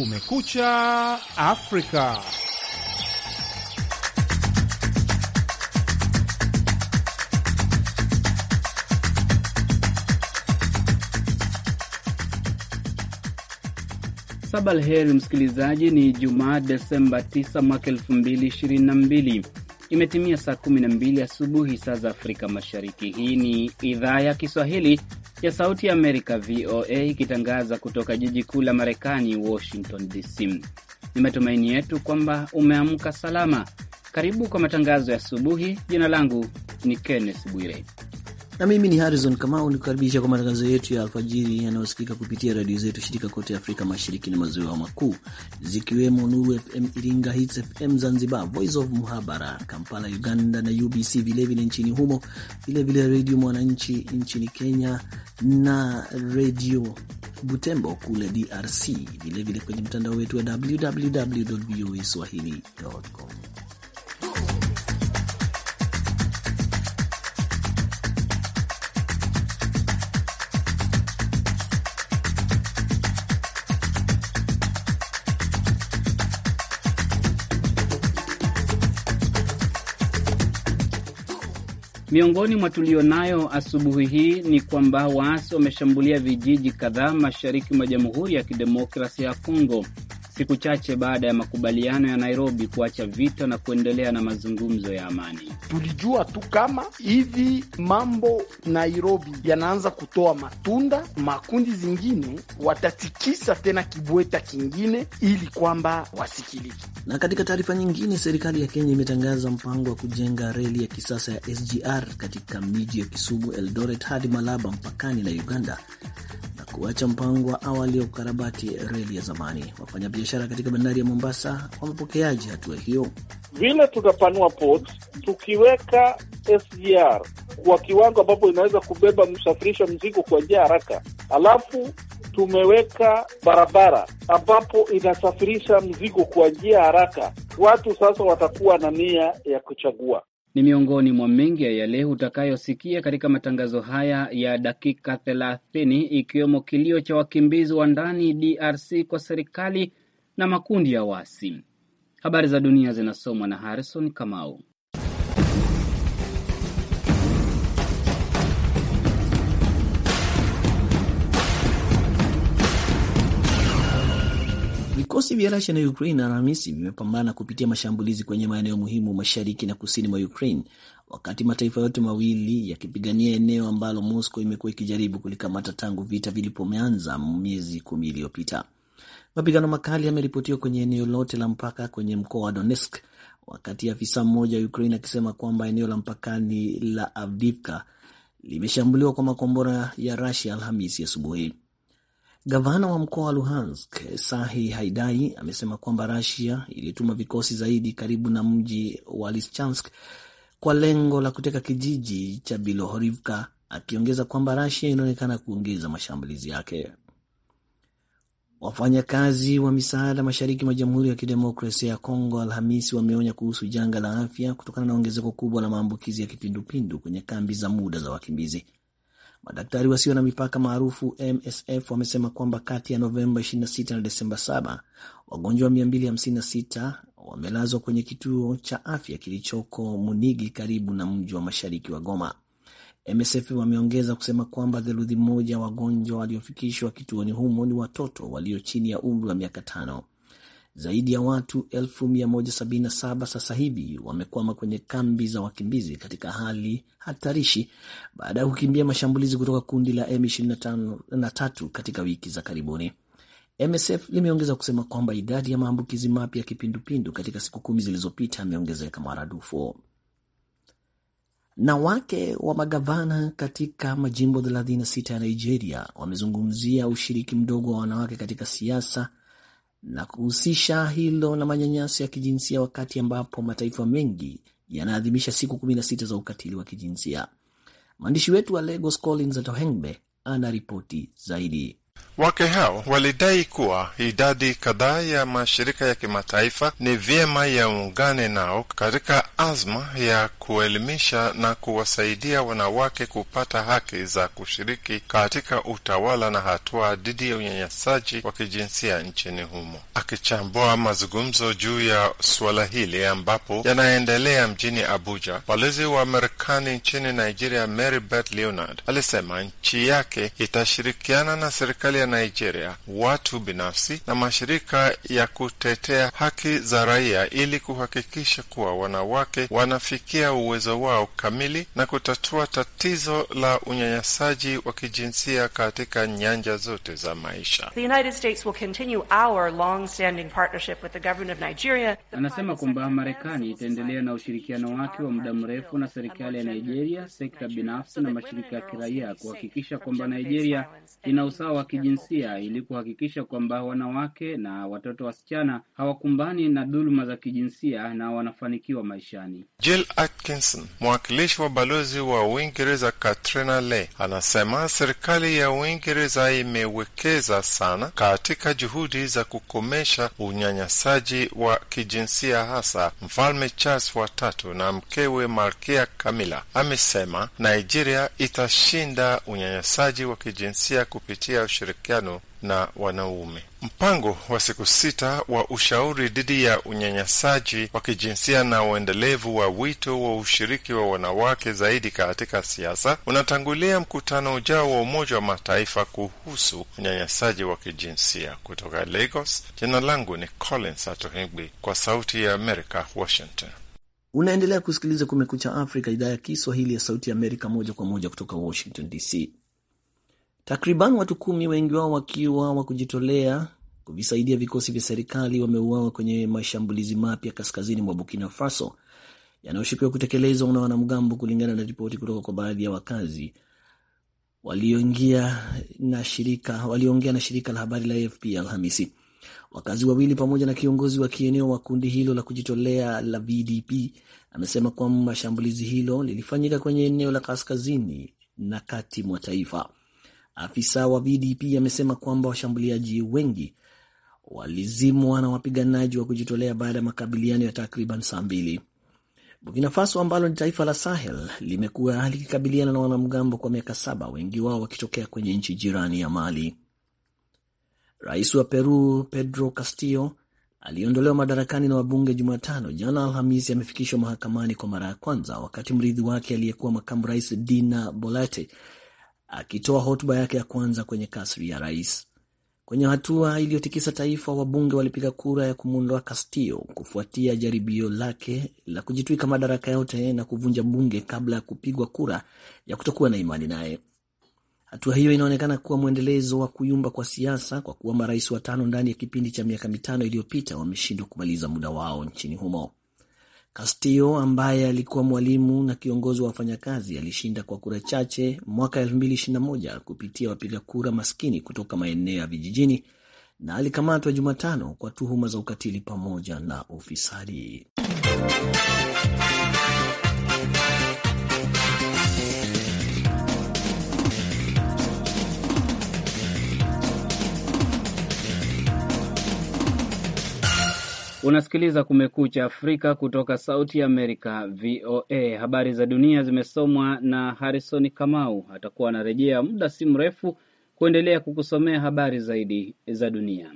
Kumekucha Afrika. Sabal heri, msikilizaji. Ni Jumaa, Desemba 9 mwaka 2022. Imetimia saa 12 asubuhi saa za Afrika Mashariki. Hii ni idhaa ya Kiswahili ya Sauti ya Amerika, VOA, ikitangaza kutoka jiji kuu la Marekani, Washington DC. Ni matumaini yetu kwamba umeamka salama. Karibu kwa matangazo ya asubuhi. Jina langu ni Kenneth Bwire na mimi ni Harrison Kamau nikukaribisha kwa matangazo yetu ya alfajiri yanayosikika kupitia redio zetu shirika kote Afrika Mashariki na Maziwa Makuu, zikiwemo Nuru FM Iringa, Hits FM Zanzibar, Voice of Muhabara Kampala Uganda na UBC vilevile nchini humo, vilevile Redio Mwananchi nchini Kenya na Redio Butembo kule DRC, vilevile kwenye mtandao wetu wa www voa swahili.com. Miongoni mwa tulionayo asubuhi hii ni kwamba waasi wameshambulia vijiji kadhaa mashariki mwa Jamhuri ya Kidemokrasia ya Kongo siku chache baada ya makubaliano ya Nairobi kuacha vita na kuendelea na mazungumzo ya amani. Tulijua tu kama hivi mambo Nairobi yanaanza kutoa matunda, makundi zingine watatikisa tena kibweta kingine ili kwamba wasikiliki. Na katika taarifa nyingine, serikali ya Kenya imetangaza mpango wa kujenga reli ya kisasa ya SGR katika miji ya Kisumu, Eldoret hadi Malaba mpakani na Uganda kuacha mpango wa awali wa kukarabati reli ya zamani. Wafanyabiashara katika bandari ya Mombasa wamepokeaje hatua hiyo? Vile tutapanua port, tukiweka SGR kwa kiwango ambapo inaweza kubeba msafirisha mzigo kwa njia haraka, alafu tumeweka barabara ambapo inasafirisha mzigo kwa njia haraka, watu sasa watakuwa na nia ya kuchagua ni miongoni mwa mengi ya yale utakayosikia katika matangazo haya ya dakika 30 ikiwemo kilio cha wakimbizi wa ndani DRC kwa serikali na makundi ya wasi. Habari za dunia zinasomwa na Harrison Kamau. Vikosi vya Rusia na Ukraine Alhamisi vimepambana kupitia mashambulizi kwenye maeneo muhimu mashariki na kusini mwa Ukraine, wakati mataifa yote mawili yakipigania eneo ambalo Moscow imekuwa ikijaribu kulikamata tangu vita vilipomeanza miezi kumi iliyopita. Mapigano makali yameripotiwa kwenye eneo lote la mpaka kwenye mkoa wa Donetsk, wakati afisa mmoja wa Ukraine akisema kwamba eneo la mpakani la Avdivka limeshambuliwa kwa makombora ya Rusia Alhamisi asubuhi. Gavana wa mkoa wa Luhansk Sahi Haidai amesema kwamba rasia ilituma vikosi zaidi karibu na mji wa Lischansk kwa lengo la kuteka kijiji cha Bilohorivka, akiongeza kwamba rasia inaonekana kuongeza mashambulizi yake. Wafanyakazi wa misaada mashariki mwa Jamhuri ya Kidemokrasia ya Kongo Alhamisi wameonya kuhusu janga la afya kutokana na ongezeko kubwa la maambukizi ya kipindupindu kwenye kambi za muda za wakimbizi. Madaktari Wasio na Mipaka maarufu MSF wamesema kwamba kati ya Novemba 26 na Desemba 7 wagonjwa 256 wamelazwa kwenye kituo cha afya kilichoko Munigi karibu na mji wa mashariki wa Goma. MSF wameongeza kusema kwamba theluthi moja wagonjwa waliofikishwa kituoni humo ni watoto walio chini ya umri wa miaka tano. Zaidi ya watu 177 sasa hivi wamekwama kwenye kambi za wakimbizi katika hali hatarishi baada ya kukimbia mashambulizi kutoka kundi la M23 katika wiki za karibuni. MSF limeongeza kusema kwamba idadi ya maambukizi mapya ya kipindupindu katika siku kumi zilizopita yameongezeka maradufu. Na wake wa magavana katika majimbo 36 ya Nigeria wamezungumzia ushiriki mdogo wa wanawake katika siasa na kuhusisha hilo na manyanyaso ya kijinsia wakati ambapo mataifa mengi yanaadhimisha siku 16 za ukatili wa kijinsia. Mwandishi wetu wa Lagos Collins Atohengbe ana ripoti zaidi. Wake hao walidai kuwa idadi kadhaa ya mashirika ya kimataifa ni vyema yaungane nao katika azma ya kuelimisha na kuwasaidia wanawake kupata haki za kushiriki katika utawala na hatua dhidi ya unyanyasaji wa kijinsia nchini humo. Akichambua mazungumzo juu ya suala hili ambapo yanaendelea mjini Abuja, balozi wa Marekani nchini Nigeria Mary Beth Leonard alisema nchi yake itashirikiana na serikali ya Nigeria, watu binafsi na mashirika ya kutetea haki za raia ili kuhakikisha kuwa wanawake wanafikia uwezo wao kamili na kutatua tatizo la unyanyasaji wa kijinsia katika nyanja zote za maisha. Anasema kwamba Marekani itaendelea na ushirikiano wake wa muda mrefu na serikali ya Nigeria, sekta binafsi na mashirika ya kiraia kuhakikisha kwamba Nigeria ina usawa wa kijinsia kijinsia ili kuhakikisha kwamba wanawake na watoto wasichana hawakumbani na dhuluma za kijinsia na wanafanikiwa maishani. Jill Atkinson, mwakilishi wa balozi wa Uingereza Katrina le anasema serikali ya Uingereza imewekeza sana katika juhudi za kukomesha unyanyasaji wa kijinsia hasa. Mfalme Charles wa tatu na mkewe Malkia Kamila amesema Nigeria itashinda unyanyasaji wa kijinsia kupitia ushirika ushirikiano na wanaume. Mpango wa siku sita wa ushauri dhidi ya unyanyasaji wa kijinsia na uendelevu wa wito wa ushiriki wa wanawake zaidi katika siasa unatangulia mkutano ujao wa Umoja wa Mataifa kuhusu unyanyasaji wa kijinsia. Kutoka Lagos, jina langu ni Collins Atohegwi, kwa Sauti ya Amerika, Washington. Unaendelea kusikiliza Kumekucha Afrika, idhaa ya Kiswahili ya Sauti ya Amerika, moja kwa moja kutoka Washington DC. Takriban watu kumi, wengi wao wakiwa wa kujitolea kuvisaidia vikosi vya serikali, wameuawa kwenye mashambulizi mapya kaskazini mwa Burkina Faso yanayoshukiwa kutekelezwa na wanamgambo, kulingana na ripoti kutoka kwa baadhi ya wakazi walioongea na shirika, walioongea na shirika la habari la AFP Alhamisi. Wakazi wawili pamoja na kiongozi wa kieneo wa kundi hilo la kujitolea la VDP amesema kwamba shambulizi hilo lilifanyika kwenye eneo la kaskazini na kati mwa taifa. Afisa wa VDP amesema kwamba washambuliaji wengi walizimwa na wapiganaji wa kujitolea baada ya makabiliano ya takriban saa mbili. Burkina Faso ambalo ni taifa la Sahel limekuwa likikabiliana na wanamgambo kwa miaka saba, wengi wao wakitokea kwenye nchi jirani ya Mali. Rais wa Peru Pedro Castillo aliyeondolewa madarakani na wabunge Jumatano, jana Alhamisi, amefikishwa mahakamani kwa mara ya kwanza, wakati mrithi wake aliyekuwa makamu rais Dina Bolate akitoa hotuba yake ya kwanza kwenye kasri ya rais. Kwenye hatua iliyotikisa taifa, wabunge walipiga kura ya kumwondoa Castillo kufuatia jaribio lake la kujitwika madaraka yote na kuvunja bunge kabla ya kupigwa kura ya kutokuwa na imani naye. Hatua hiyo inaonekana kuwa mwendelezo wa kuyumba kwa siasa kwa kuwa marais watano ndani ya kipindi cha miaka mitano iliyopita wameshindwa kumaliza muda wao nchini humo. Castillo ambaye alikuwa mwalimu na kiongozi wa wafanyakazi alishinda kwa kura chache mwaka 2021 kupitia wapiga kura maskini kutoka maeneo ya vijijini na alikamatwa Jumatano kwa tuhuma za ukatili pamoja na ufisadi. Unasikiliza Kumekucha Afrika kutoka Sauti ya Amerika, VOA. Habari za dunia zimesomwa na Harrison Kamau. Atakuwa anarejea muda si mrefu kuendelea kukusomea habari zaidi za dunia.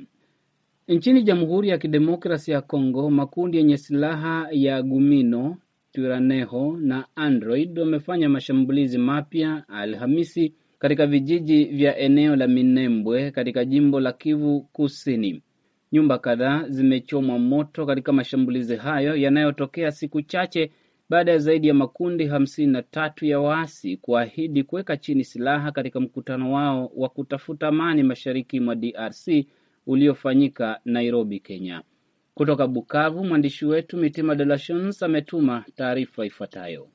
Nchini Jamhuri ya Kidemokrasi ya Kongo, makundi yenye silaha ya Gumino, Tiraneho na Android wamefanya mashambulizi mapya Alhamisi katika vijiji vya eneo la Minembwe katika jimbo la Kivu Kusini. Nyumba kadhaa zimechomwa moto katika mashambulizi hayo yanayotokea siku chache baada ya zaidi ya makundi hamsini na tatu ya waasi kuahidi kuweka chini silaha katika mkutano wao wa kutafuta amani mashariki mwa DRC uliofanyika Nairobi, Kenya. Kutoka Bukavu, mwandishi wetu Mitima De La Shans ametuma taarifa ifuatayo.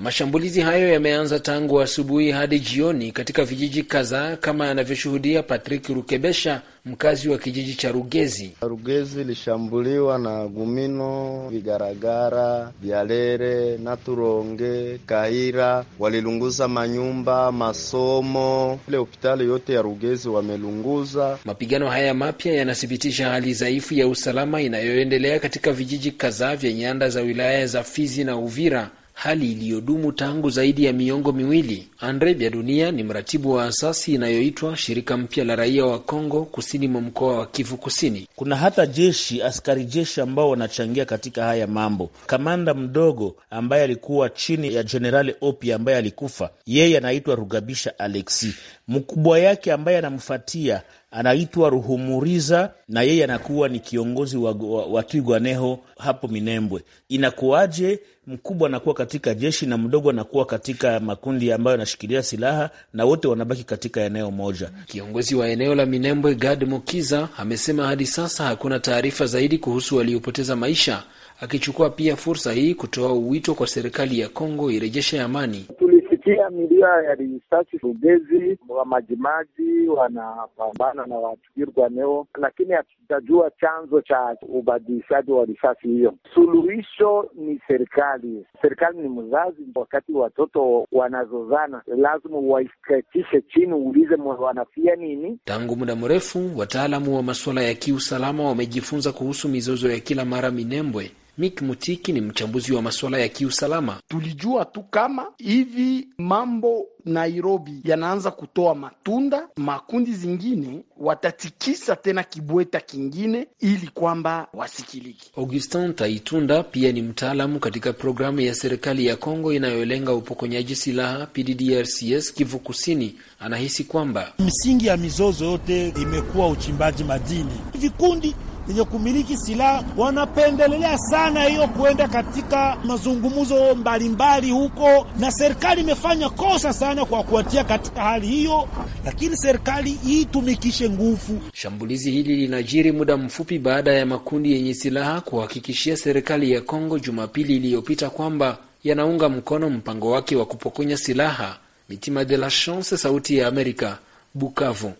Mashambulizi hayo yameanza tangu asubuhi hadi jioni katika vijiji kadhaa kama anavyoshuhudia Patrick Rukebesha, mkazi wa kijiji cha Rugezi. Rugezi ilishambuliwa na Gumino, Vigaragara, Vyalere, Naturonge, Kahira. Walilunguza manyumba, masomo, ile hospitali yote ya Rugezi wamelunguza. Mapigano haya mapya yanathibitisha hali dhaifu ya usalama inayoendelea katika vijiji kadhaa vya nyanda za wilaya za Fizi na Uvira hali iliyodumu tangu zaidi ya miongo miwili. Andre Bya Dunia ni mratibu wa asasi inayoitwa Shirika Mpya la Raia wa Kongo kusini mwa mkoa wa Kivu Kusini. Kuna hata jeshi, askari jeshi ambao wanachangia katika haya mambo. Kamanda mdogo ambaye alikuwa chini ya Jenerali Opi ambaye alikufa, yeye anaitwa Rugabisha Alexi, mkubwa yake ambaye anamfatia anaitwa Ruhumuriza na yeye anakuwa ni kiongozi wa, wa, wa Twigwaneho hapo Minembwe. Inakuwaje mkubwa anakuwa katika jeshi na mdogo anakuwa katika makundi ambayo yanashikilia silaha na wote wanabaki katika eneo moja? Kiongozi wa eneo la Minembwe Gad mokiza amesema hadi sasa hakuna taarifa zaidi kuhusu waliopoteza maisha, akichukua pia fursa hii kutoa wito kwa serikali ya Kongo irejeshe amani Tuli. Nimesikia milio ya risasi Rugezi, wa Majimaji wanapambana na Watukirwa neo lakini hatutajua chanzo cha ubadilishaji wa risasi hiyo. Suluhisho ni serikali. Serikali ni mzazi, wakati watoto wanazozana lazima waikatishe chini, uulize wanafia nini. Tangu muda mrefu wataalamu wa masuala ya kiusalama wamejifunza kuhusu mizozo ya kila mara Minembwe Mik Mutiki ni mchambuzi wa masuala ya kiusalama. Tulijua tu kama hivi mambo Nairobi yanaanza kutoa matunda, makundi zingine watatikisa tena kibweta kingine ili kwamba wasikiliki. Augustin Taitunda pia ni mtaalamu katika programu ya serikali ya Kongo inayolenga upokonyaji silaha PDDRCS Kivu Kusini. Anahisi kwamba msingi ya mizozo yote imekuwa uchimbaji madini. Vikundi wenye kumiliki silaha wanapendelea sana hiyo kuenda katika mazungumzo mbalimbali huko, na serikali imefanya kosa sana kwa kuwatia katika hali hiyo, lakini serikali iitumikishe nguvu. Shambulizi hili linajiri muda mfupi baada ya makundi yenye silaha kuhakikishia serikali ya Kongo Jumapili iliyopita kwamba yanaunga mkono mpango wake wa kupokonya silaha. Mitima de la Chance, Sauti ya Amerika, Bukavu.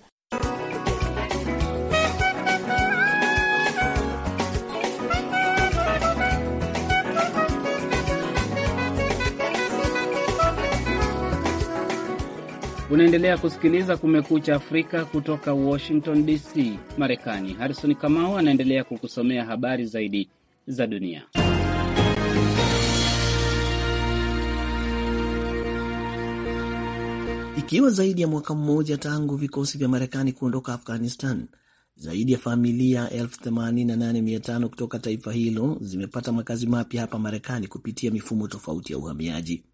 Unaendelea kusikiliza Kumekucha Afrika kutoka Washington DC, Marekani. Harrison Kamau anaendelea kukusomea habari zaidi za dunia. Ikiwa zaidi ya mwaka mmoja tangu vikosi vya Marekani kuondoka Afghanistan, zaidi ya familia 88,500 kutoka taifa hilo zimepata makazi mapya hapa Marekani kupitia mifumo tofauti ya uhamiaji.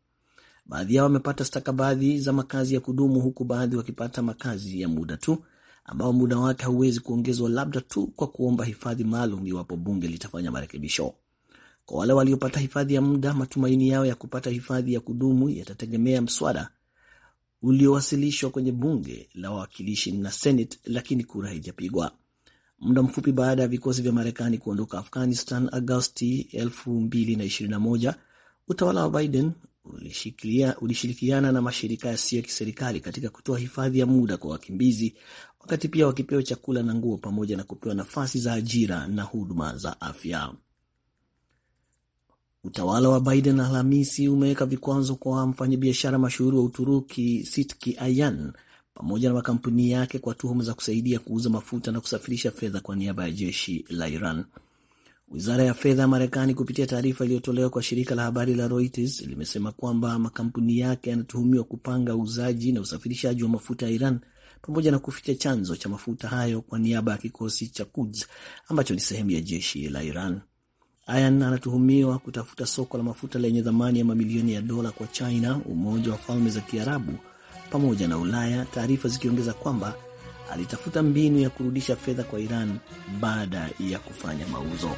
Baadhi yao wamepata stakabadhi za makazi ya kudumu huku baadhi wakipata makazi ya muda tu ambao muda wake hauwezi kuongezwa labda tu kwa kuomba hifadhi maalum iwapo bunge litafanya marekebisho. Kwa wale waliopata hifadhi ya muda, matumaini yao ya kupata hifadhi ya kudumu yatategemea mswada uliowasilishwa kwenye bunge la wawakilishi na Senate, lakini kura haijapigwa. Muda mfupi baada ya vikosi vya Marekani kuondoka Afghanistan Agosti 2021, utawala wa Biden ulishirikiana na mashirika yasiyo ya kiserikali katika kutoa hifadhi ya muda kwa wakimbizi, wakati pia wakipewa chakula na nguo pamoja na kupewa nafasi za ajira na huduma za afya. Utawala wa Biden Alhamisi umeweka vikwazo kwa mfanyabiashara mashuhuri wa Uturuki Sitki Ayan pamoja na makampuni yake kwa tuhuma za kusaidia kuuza mafuta na kusafirisha fedha kwa niaba ya jeshi la Iran. Wizara ya fedha ya Marekani kupitia taarifa iliyotolewa kwa shirika la habari la Reuters limesema kwamba makampuni yake yanatuhumiwa kupanga uuzaji na usafirishaji wa mafuta ya Iran pamoja na kuficha chanzo cha mafuta hayo kwa niaba ya kikosi cha Quds ambacho ni sehemu ya jeshi la Iran. Ayan anatuhumiwa kutafuta soko la mafuta lenye thamani ya mamilioni ya dola kwa China, Umoja wa Falme za Kiarabu pamoja na Ulaya, taarifa zikiongeza kwamba alitafuta mbinu ya kurudisha fedha kwa Iran baada ya kufanya mauzo.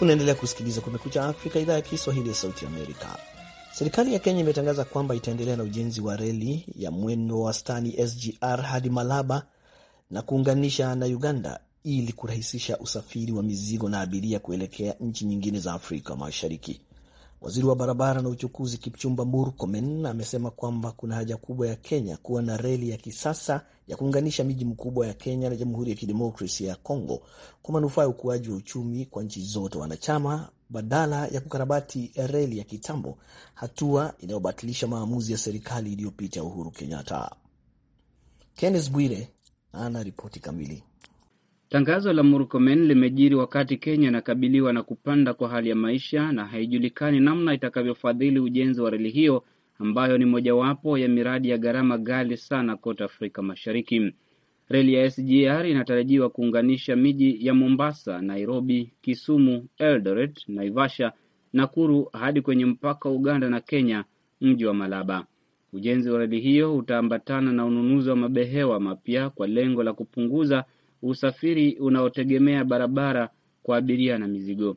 Unaendelea kusikiliza Kumekucha Afrika, idhaa ya Kiswahili ya Sauti Amerika. Serikali ya Kenya imetangaza kwamba itaendelea na ujenzi wa reli ya mwendo wa wastani SGR hadi Malaba na kuunganisha na Uganda ili kurahisisha usafiri wa mizigo na abiria kuelekea nchi nyingine za Afrika Mashariki. Waziri wa barabara na uchukuzi Kipchumba Murkomen amesema kwamba kuna haja kubwa ya Kenya kuwa na reli ya kisasa ya kuunganisha miji mkubwa ya Kenya na Jamhuri ya Kidemokrasia ya Kongo kwa manufaa ya ukuaji wa uchumi kwa nchi zote wanachama, badala ya kukarabati reli ya kitambo, hatua inayobatilisha maamuzi ya serikali iliyopita Uhuru Kenyatta. Kenneth Bwire ana ripoti kamili. Tangazo la Murkomen limejiri wakati Kenya inakabiliwa na kupanda kwa hali ya maisha na haijulikani namna itakavyofadhili ujenzi wa reli hiyo ambayo ni mojawapo ya miradi ya gharama ghali sana kote Afrika Mashariki. Reli ya SGR inatarajiwa kuunganisha miji ya Mombasa, Nairobi, Kisumu, Eldoret, Naivasha, Nakuru hadi kwenye mpaka wa Uganda na Kenya, mji wa Malaba. Ujenzi wa reli hiyo utaambatana na ununuzi wa mabehewa mapya kwa lengo la kupunguza usafiri unaotegemea barabara kwa abiria na mizigo.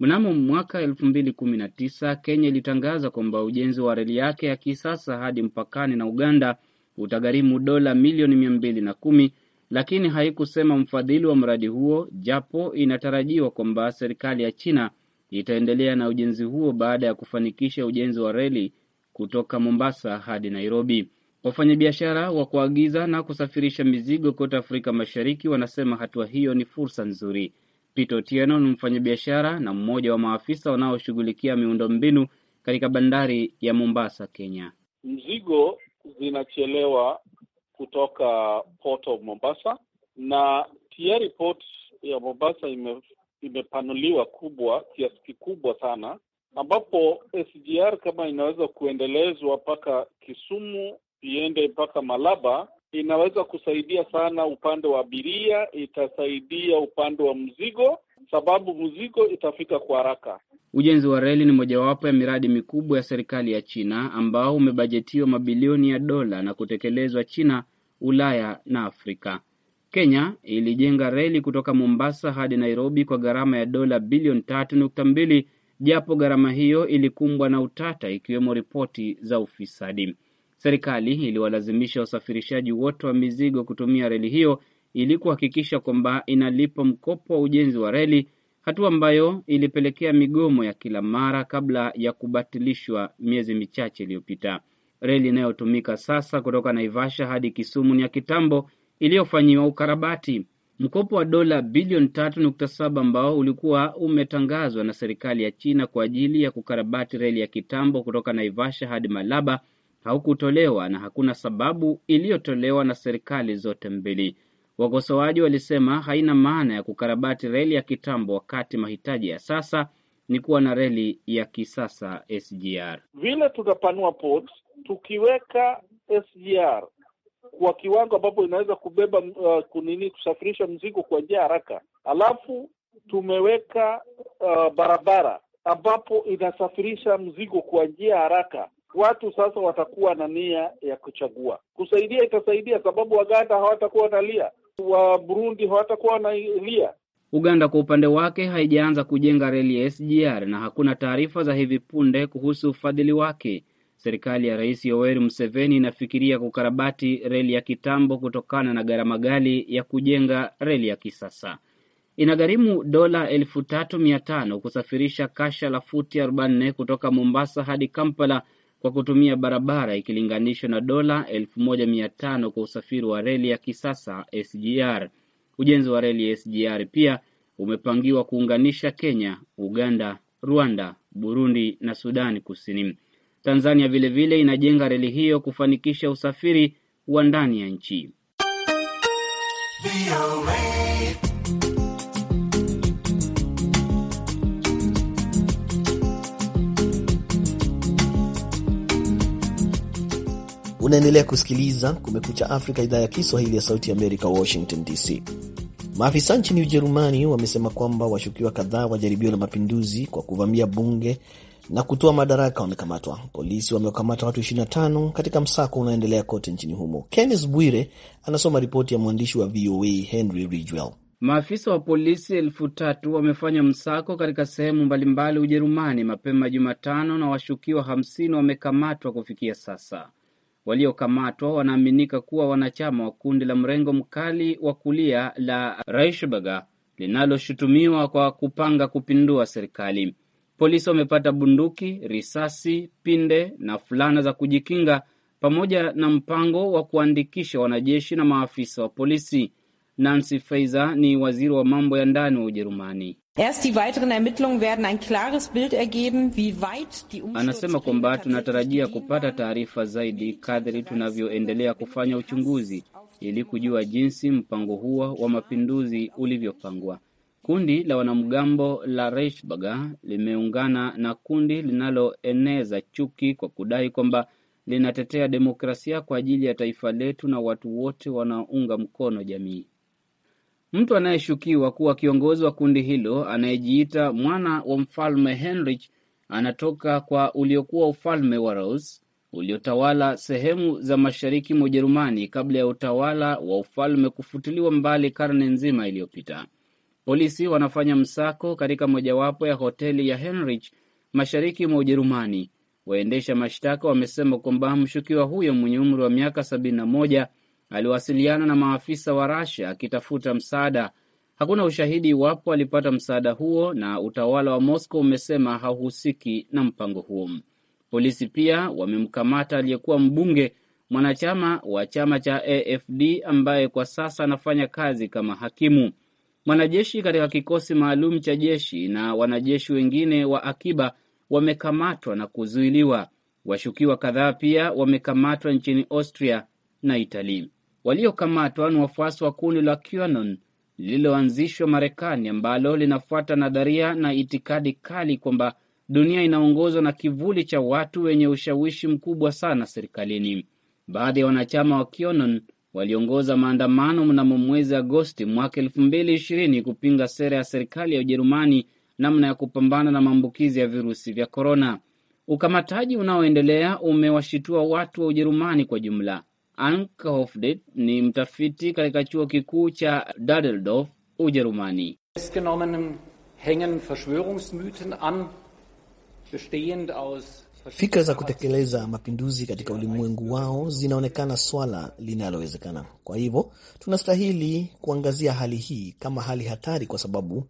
Mnamo mwaka elfu mbili kumi na tisa Kenya ilitangaza kwamba ujenzi wa reli yake ya kisasa hadi mpakani na Uganda utagharimu dola milioni mia mbili na kumi lakini haikusema mfadhili wa mradi huo, japo inatarajiwa kwamba serikali ya China itaendelea na ujenzi huo baada ya kufanikisha ujenzi wa reli kutoka Mombasa hadi Nairobi. Wafanyabiashara wa kuagiza na kusafirisha mizigo kote Afrika Mashariki wanasema hatua hiyo ni fursa nzuri. Pito Otieno ni mfanyabiashara na mmoja wa maafisa wanaoshughulikia miundombinu katika bandari ya Mombasa, Kenya. Mzigo zinachelewa kutoka Port of Mombasa na tiari port ya Mombasa ime, imepanuliwa kubwa kiasi kikubwa sana ambapo SGR kama inaweza kuendelezwa mpaka Kisumu iende mpaka Malaba, inaweza kusaidia sana upande wa abiria, itasaidia upande wa mzigo, sababu mzigo itafika kwa haraka. Ujenzi wa reli ni mojawapo ya miradi mikubwa ya serikali ya China ambao umebajetiwa mabilioni ya dola na kutekelezwa China, Ulaya na Afrika. Kenya ilijenga reli kutoka Mombasa hadi Nairobi kwa gharama ya dola bilioni tatu nukta mbili japo gharama hiyo ilikumbwa na utata, ikiwemo ripoti za ufisadi. Serikali iliwalazimisha wasafirishaji wote wa mizigo kutumia reli hiyo ili kuhakikisha kwamba inalipa mkopo wa ujenzi wa reli, hatua ambayo ilipelekea migomo ya kila mara kabla ya kubatilishwa miezi michache iliyopita. Reli inayotumika sasa kutoka Naivasha hadi Kisumu ni ya kitambo, iliyofanyiwa ukarabati. Mkopo wa dola bilioni 3.7 ambao ulikuwa umetangazwa na serikali ya China kwa ajili ya kukarabati reli ya kitambo kutoka Naivasha hadi Malaba haukutolewa na hakuna sababu iliyotolewa na serikali zote mbili. Wakosoaji walisema haina maana ya kukarabati reli ya kitambo wakati mahitaji ya sasa ni kuwa na reli ya kisasa SGR. Vile tutapanua ports tukiweka SGR kwa kiwango ambapo inaweza kubeba uh, kunini kusafirisha mzigo kwa njia haraka. Alafu tumeweka uh, barabara ambapo inasafirisha mzigo kwa njia haraka. Watu sasa watakuwa na nia ya kuchagua. Kusaidia itasaidia, sababu Waganda hawatakuwa wanalia, wa Burundi hawatakuwa wanalia. Uganda kwa upande wake haijaanza kujenga reli ya SGR na hakuna taarifa za hivi punde kuhusu ufadhili wake. Serikali ya Rais Yoweri Museveni inafikiria kukarabati reli ya kitambo kutokana na gharama ghali ya kujenga reli ya kisasa. Inagharimu dola elfu tatu mia tano kusafirisha kasha la futi 40 kutoka Mombasa hadi Kampala kwa kutumia barabara ikilinganishwa na dola elfu moja mia tano kwa usafiri wa reli ya kisasa SGR. Ujenzi wa reli ya SGR pia umepangiwa kuunganisha Kenya, Uganda, Rwanda, Burundi na Sudani Kusini. Tanzania vilevile inajenga reli hiyo kufanikisha usafiri wa ndani ya nchi. Unaendelea kusikiliza Kumekucha Afrika, idhaa ya Kiswahili ya Sauti Amerika, Washington DC. Maafisa nchini Ujerumani wamesema kwamba washukiwa kadhaa wa jaribio la mapinduzi kwa kuvamia bunge na kutoa madaraka wamekamatwa. Polisi wamekamata watu 25 katika msako unaoendelea kote nchini humo. Kenneth Bwire anasoma ripoti ya mwandishi wa VOA Henry Ridgwell. Maafisa wa polisi elfu tatu wamefanya msako katika sehemu mbalimbali Ujerumani mapema Jumatano, na washukiwa 50 wamekamatwa kufikia sasa. Waliokamatwa wanaaminika kuwa wanachama wa kundi la mrengo mkali wa kulia la Reichsburger linaloshutumiwa kwa kupanga kupindua serikali. Polisi wamepata bunduki, risasi, pinde na fulana za kujikinga pamoja na mpango wa kuandikisha wanajeshi na maafisa wa polisi. Nancy Faeser ni waziri wa mambo ya ndani wa Ujerumani. Anasema kwamba tunatarajia kupata taarifa zaidi kadri tunavyoendelea kufanya uchunguzi ili kujua jinsi mpango huo wa mapinduzi ulivyopangwa. Kundi la wanamgambo la reishbaga limeungana na kundi linaloeneza chuki kwa kudai kwamba linatetea demokrasia kwa ajili ya taifa letu na watu wote wanaounga mkono jamii. Mtu anayeshukiwa kuwa kiongozi wa kundi hilo anayejiita mwana wa mfalme Henrich anatoka kwa uliokuwa ufalme wa Rus uliotawala sehemu za mashariki mwa Ujerumani kabla ya utawala wa ufalme kufutiliwa mbali karne nzima iliyopita. Polisi wanafanya msako katika mojawapo ya hoteli ya Henrich mashariki mwa Ujerumani. Waendesha mashtaka wamesema kwamba mshukiwa huyo mwenye umri wa miaka 71 aliwasiliana na maafisa wa Rasha akitafuta msaada. Hakuna ushahidi iwapo alipata msaada huo, na utawala wa Moscow umesema hauhusiki na mpango huo. Polisi pia wamemkamata aliyekuwa mbunge mwanachama wa chama cha AFD ambaye kwa sasa anafanya kazi kama hakimu mwanajeshi katika kikosi maalum cha jeshi na wanajeshi wengine wa akiba wamekamatwa na kuzuiliwa. Washukiwa kadhaa pia wamekamatwa nchini Austria na itali Waliokamatwa ni wafuasi wa kundi la QAnon lililoanzishwa Marekani, ambalo linafuata nadharia na itikadi kali kwamba dunia inaongozwa na kivuli cha watu wenye ushawishi mkubwa sana serikalini. Baadhi ya wanachama wa QAnon waliongoza maandamano mnamo mwezi Agosti mwaka elfu mbili ishirini kupinga sera ya serikali ya Ujerumani namna ya kupambana na maambukizi ya virusi vya korona. Ukamataji unaoendelea umewashitua watu wa Ujerumani kwa jumla. Anke Hofdet ni mtafiti katika chuo kikuu cha Dadeldorf, Ujerumani. festgenommen hängen verschwörungsmythen an bestehend aus Fikra za kutekeleza mapinduzi katika ulimwengu wao zinaonekana swala linalowezekana. Kwa hivyo tunastahili kuangazia hali hii kama hali hatari, kwa sababu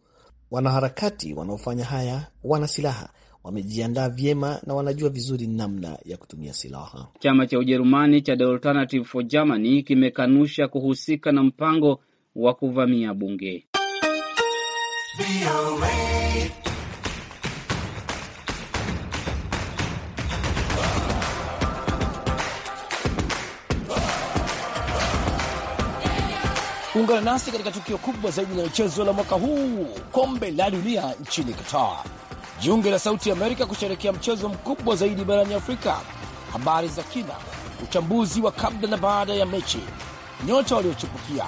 wanaharakati wanaofanya haya wana silaha wamejiandaa vyema na wanajua vizuri namna ya kutumia silaha. Chama cha Ujerumani cha The Alternative for Germany kimekanusha kuhusika na mpango wa kuvamia bunge. Ungana nasi katika tukio kubwa zaidi la michezo la mwaka huu, kombe la dunia nchini Qatar. Jiunge la Sauti ya Amerika kusherekea mchezo mkubwa zaidi barani Afrika. Habari za kina, uchambuzi wa kabla na baada ya mechi, nyota waliochipukia,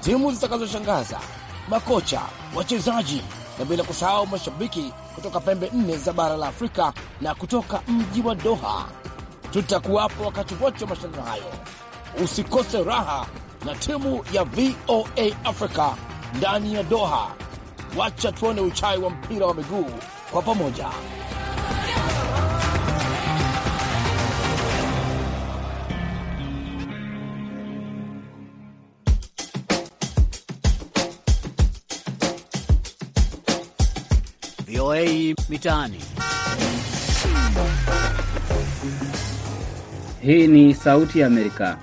timu zitakazoshangaza, makocha, wachezaji na bila kusahau mashabiki kutoka pembe nne za bara la Afrika na kutoka mji wa Doha. Tutakuwapo wakati wote wa mashindano hayo, usikose raha na timu ya VOA Africa ndani ya Doha. Wacha tuone uchai wa mpira wa miguu kwa pamoja. VOA Mitaani. Hii ni Sauti ya Amerika.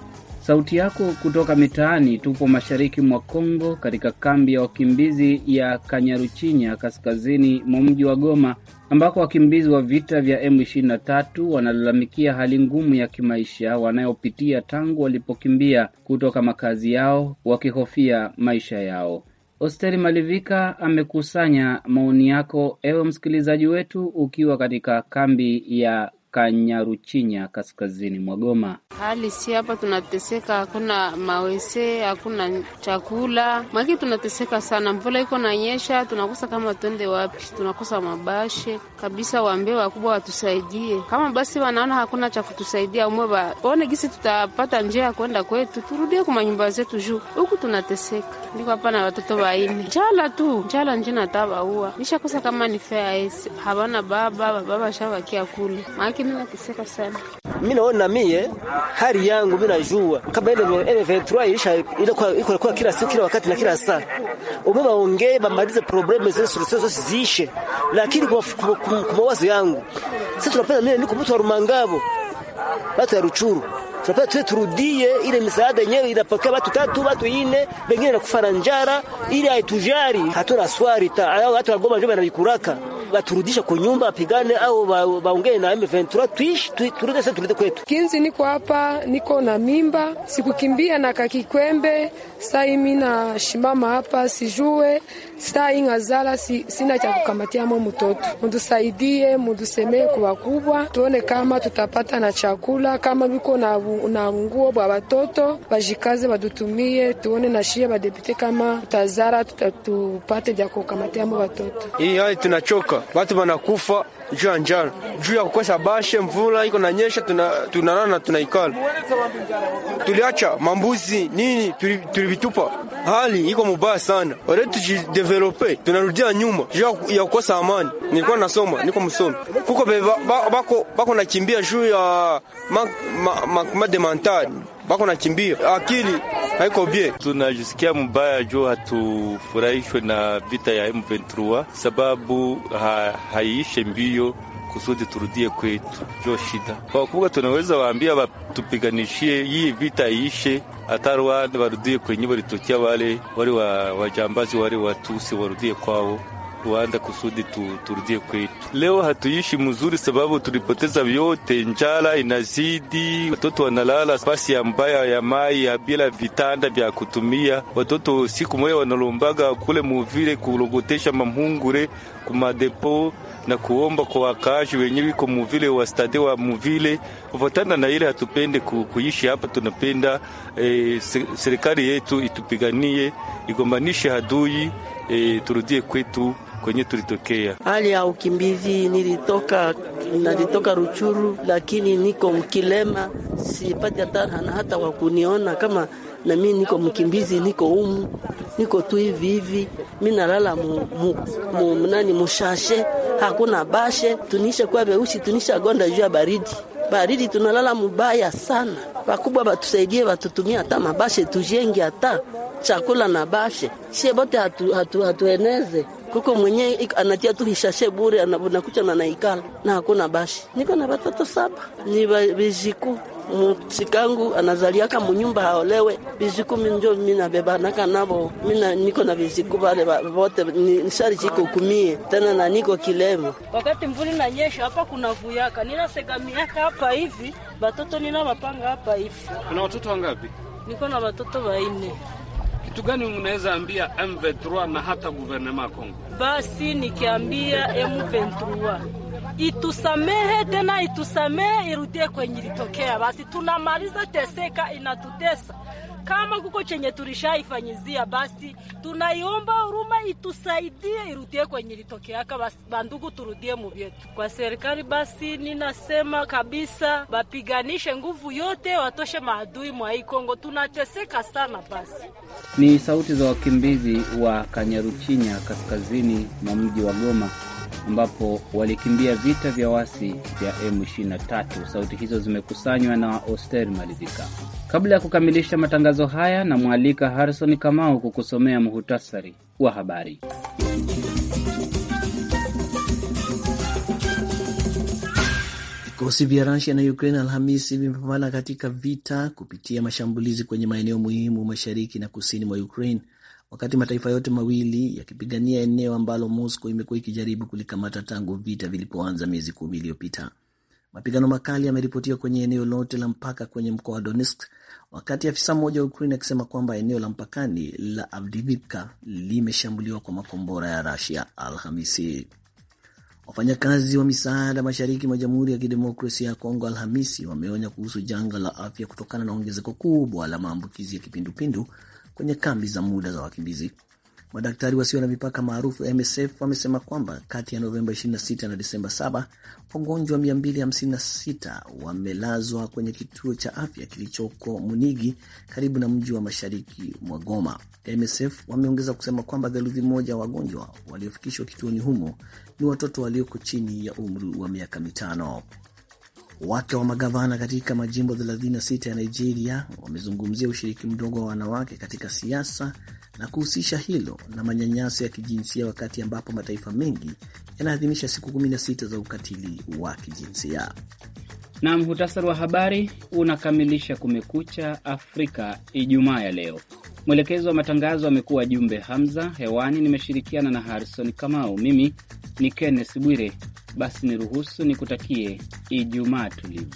Sauti yako kutoka mitaani. Tupo mashariki mwa Kongo, katika kambi ya wakimbizi ya Kanyaruchinya, kaskazini mwa mji wa Goma, ambako wakimbizi wa vita vya M23 wanalalamikia hali ngumu ya kimaisha wanayopitia tangu walipokimbia kutoka makazi yao, wakihofia maisha yao. Osteri Malivika amekusanya maoni yako, ewe msikilizaji wetu, ukiwa katika kambi ya Kanyaruchinya, kaskazini mwa Goma. Hali si hapa, tunateseka, hakuna mawese, hakuna chakula, maki tunateseka sana. Mvula iko nanyesha, tunakosa kama twende wapi, tunakosa mabashe kabisa. Waambie wakubwa watusaidie, kama basi wanaona hakuna cha kutusaidia umwe, waone gisi tutapata njia ya kwenda kwetu, turudie kwa manyumba zetu, juu huku tunateseka. Niko hapa na watoto waine, njala tu, njala nje tabaua nishakosa, kama ni fea esi, havana baba, baba shavakia kule maki lakini nakiseka sana. Mimi naona mie hali yangu mimi najua kama ile ile ventura isha ile kwa iko kwa kila siku kila wakati na kila saa. Umeme waongee bamalize probleme zetu solution zote zishe. Lakini kwa mawazo yangu sisi tunapenda mimi niko mtu wa Rumangabo. Watu ya Ruchuru. Tunapenda tuwe turudie ile misaada yenyewe inapokea watu tatu, watu ine, wengine nakufa na njara, ili haitujari. Hatuna swari ta, hata wa njoba na ikuraka waturudishe kunyumba apigane au waongee na M23 tuishi turudi, sasa turudi kwetu. Kinzi niko hapa, niko na mimba, sikukimbia na kakikwembe sai mimi na shimama hapa sijue sai ngazala si, sina cha kukambatiamo mtoto. Mtusaidie, mutusemee kwa kubwa tuone kama tutapata na chakula, kama biko na, na nguo bwa watoto bajikaze, badutumie tuone na shie badepite, kama tutazara tutatupate vya kukambatiamo watoto. Hii hali tunachoka, watu wanakufa juu ya njala, juu ya kukosa bashe, mvula iko na nyesha tuna tunaikala, tuliacha mambuzi nini, tulivitupa. Hali iko mubaya sana, wale tujidevelope, tunarudia nyuma juu ya kukosa amani. Nilikuwa nasoma, niko msomi, kuko bako bako nakimbia juu ya mademantari ma, ma, ma, ma, ma, ma, ma, ma, bako nakimbia, akili haiko bie. Tunajisikia mbaya juu hatufurahishwe na vita ya M23 sababu ha, haiishe mbio kusudi turudie kwetu, jo shida kwa wakubwa. Tunaweza waambia watupiganishie hii vita iishe, hata Rwanda warudie kwenye walitokia, wale wale wajambazi wale watusi warudie kwao. Rwanda kusudi tu, turudie kwetu. Leo hatuishi mzuri sababu tulipoteza vyote, njala inazidi, watoto wanalala ya mbaya ya mai ya bila vitanda vya kutumia. Watoto siku moja wanalombaga kule muvile kulogotesha mamhungure kumadepo na kuomba kwa wakaaji wenye wiko muvile wa stade wa muvile kufatana na ile hatupende ku, kuishi hapa, tunapenda eh, serikali yetu itupiganie igombanishe hadui e, turudie kwetu kwenye tulitokea. Hali ya ukimbizi, nilitoka nalitoka Ruchuru, lakini niko mkilema, sipati hata hata wakuniona kama na mi niko mkimbizi, niko umu, niko tu hivi hivi, mi nalala mnani nani mushashe, hakuna bashe, tunisha kwa veusi, tunisha gonda juu ya baridi baridi tunalala mubaya sana. Wakubwa batusaidie, watutumia hata mabashe tujenge hata chakula na bashe, shie bote hatueneze hatu, hatu kuko mwenye anatia tu hishashe bure, anakucha na naikala na hakuna bashi. Niko na batoto saba, ni bijiku msikangu anazaliaka munyumba haolewe biziku minjo mina bebanaka navo mina niko na biziku bale bote nishari jiko kumie tena na niko kilemo. Wakati mvuli nyesha hapa kuna vuyaka ninasegamiaka hapa hivi batoto ninawapanga hapa hivi. Kuna watoto wangapi? Niko na watoto wanne kitu gani unaweza ambia M23 na hata guvernema Kongo? Basi nikiambia M23 itusamehe tena, itusamehe irudie kwenye ilitokea, basi tunamaliza teseka, inatutesa kama kuko chenye tulishaifanyizia, basi tunaiomba huruma itusaidie, irudie kwenye ilitokeaka, bandugu, turudie muvyetu. Kwa serikali basi ninasema kabisa bapiganishe nguvu yote, watoshe maadui mwa hii Kongo, tunateseka sana. Basi ni sauti za wakimbizi wa Kanyaruchinya kaskazini mwa mji wa Goma ambapo walikimbia vita vya wasi vya M23. Sauti hizo zimekusanywa na Oster Malivika. Kabla ya kukamilisha matangazo haya, namwalika Harrison Kamau kukusomea muhutasari wa habari. Vikosi vya Rusia na Ukraine Alhamisi vimepambana katika vita kupitia mashambulizi kwenye maeneo muhimu mashariki na kusini mwa Ukraine wakati mataifa yote mawili yakipigania eneo ambalo Moscow imekuwa ikijaribu kulikamata tangu vita vilipoanza miezi kumi iliyopita. Mapigano makali yameripotiwa kwenye eneo lote la mpaka kwenye mkoa wa Donetsk, wakati afisa mmoja wa Ukraine akisema kwamba eneo la mpakani la Avdiivka limeshambuliwa kwa makombora ya Rusia Alhamisi. Wafanyakazi wa misaada mashariki mwa Jamhuri ya Kidemokrasia ya Kongo Alhamisi wameonya kuhusu janga la afya kutokana na ongezeko kubwa la maambukizi ya kipindupindu kwenye kambi za muda za wakimbizi. Madaktari wasio na mipaka maarufu MSF wamesema kwamba kati ya Novemba 26 na Disemba 7 wagonjwa 256 wamelazwa kwenye kituo cha afya kilichoko Munigi karibu na mji wa mashariki mwa Goma. MSF wameongeza kusema kwamba theluthi moja wagonjwa waliofikishwa kituoni humo ni watoto walioko chini ya umri wa miaka mitano. Wake wa magavana katika majimbo 36 ya Nigeria wamezungumzia ushiriki mdogo wa wanawake katika siasa na kuhusisha hilo na manyanyaso ya kijinsia, wakati ambapo mataifa mengi yanaadhimisha siku 16 za ukatili wa kijinsia. Na muhtasari wa habari unakamilisha Kumekucha Afrika Ijumaa ya leo. Mwelekezi wa matangazo amekuwa Jumbe Hamza. Hewani nimeshirikiana na Harrison Kamau. Mimi ni Kenneth Bwire. Basi niruhusu nikutakie Ijumaa tulivu.